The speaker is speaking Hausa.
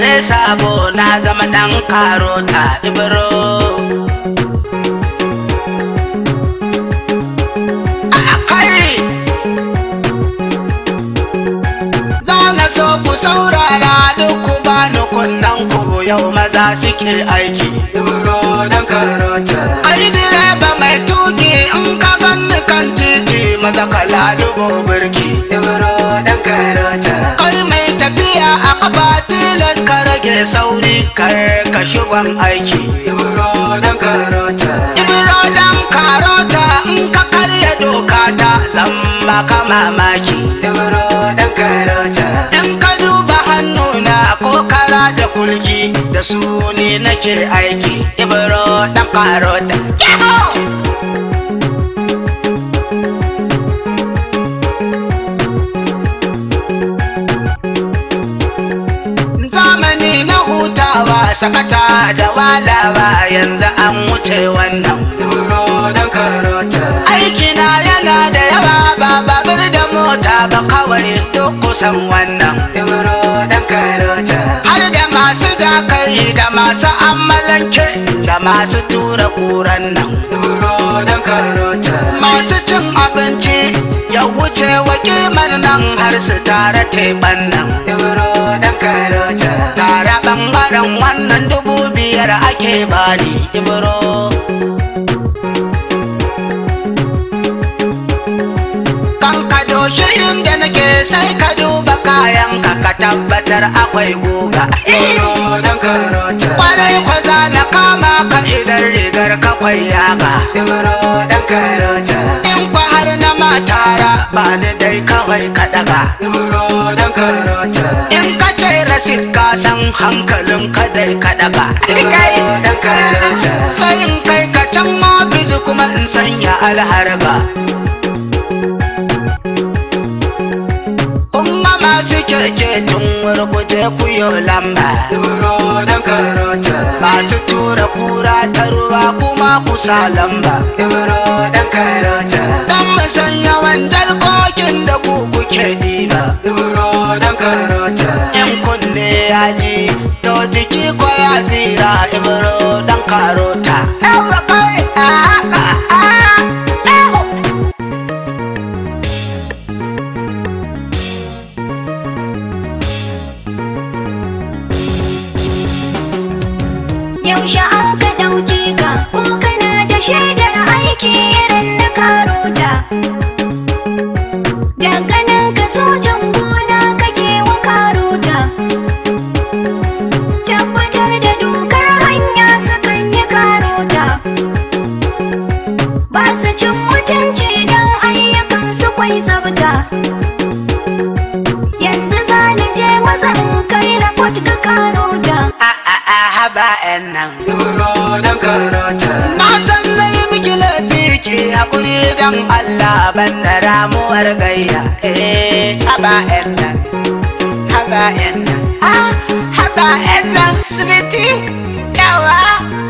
bare sabo na zama dan karota ibro akai zana so ku saurara duku ku bani kunnan ku yau maza suke aiki ibro dan karota ai direba mai tuki in ka ganni kan titi maza kala dubo birki kake sauri kar ka shigon aiki ibro dan karota in ka karya doka ta zan baka mamaki ibro dan karota in ka duba hannuna ko kara da kulki da suni ne nake aiki ibro dan karota ba sakata da wala ba yanzu an wuce wannan aikina yana da yawa ba babur da mota ba kawai duk kusan wannan har da masu jakai da masu amalanke da masu tura kuran nan masu cin abinci ya wuce wa kimar nan har su tara teban nan wannan dubu biyar ake bani ibro kan ka shirin da nake sai ka duba kayan ka ka tabbatar akwai guga kwarai kwaza na kama ka idan rigar ka kwaya ba in kwa har na matara ba ni dai kawai ka daga in ka kasit ka san hankalin ka dai ka daga sai in kai ka can ma bizu kuma in sanya alharba umma masu keke tun warguje ku yo lamba masu tura kura ta ruwa kuma kusa lamba dan mu sanya wanjar kokin da ku kuke diba dan yaji to jiki ko ya tsira ibro dan karota Yaushe ka ɗauki ka ko kana da shaidar aiki irin na karota. ba su cin mutunci don ayyukan su kwai zabta yanzu za ni je maza in kai rapot ga karota a a a haba yan nan duro don karota na san na yi miki laifi ki hakuri don allah ban da ramuwar gayya eh haba yan nan haba yan nan ah haba yan nan sweetie yawa